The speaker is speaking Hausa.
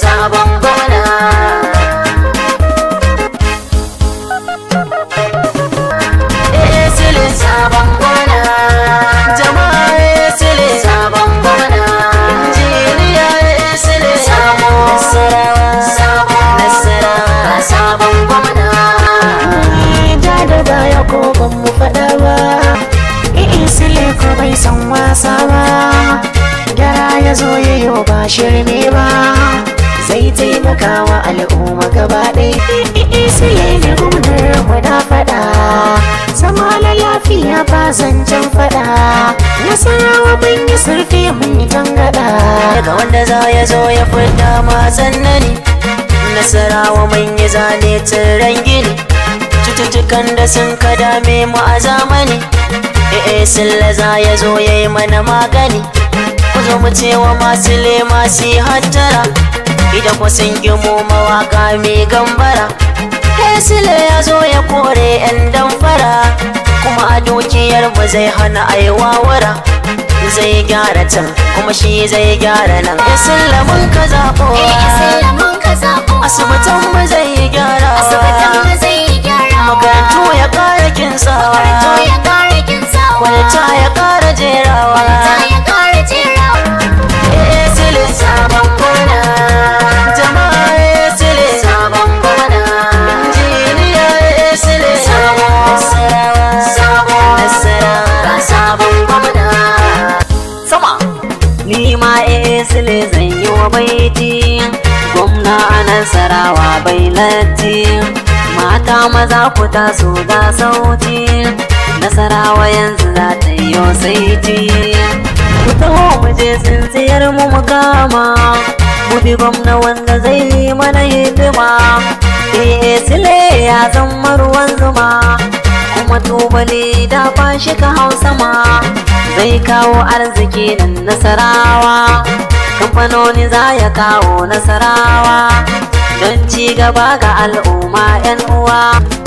Sabon gona ya zo ya yi ba shirme ba zai taimaka wa al'umma gaba ɗaya sai ya yi gumunar wata faɗa zama na lafiya ba zancen faɗa nasarawa mun yi surfe mun yi tangaɗa daga wanda za ya zo ya fita ma sannani nasarawa mun yi zane tun gini cututtukan da sun ka dame mu a zamani eh, eh sun laza ya zo ya yi mana magani zo mu ce wa masu lema yi hajjara ida ku sun gimo mawaka mai gambara hesile ya zo ya kore yan damfara kuma a dukiyar ba zai hana wawara. zai gyara can kuma shi zai gyara nan ya sallamin eh, ka zaɓo asibitin ba zai yi gyara makarantu ya ƙara kinsawa kwalita ya ƙara jerawa sile zan yi wa baiti gwamna a nasarawa bai latti mata maza ku taso ga sauti nasarawa yanzu za ta yi saiti ku taho mu je tsintsiyar mu mu kama mu bi gwamna wanda zai yi mana hidima eh sile ya zama ruwan zuma kuma tubali da fashi ka hausa ma zai kawo arziki nan nasarawa kamfanoni za ya kawo nasarawa don ci gaba ga al'umma 'yan uwa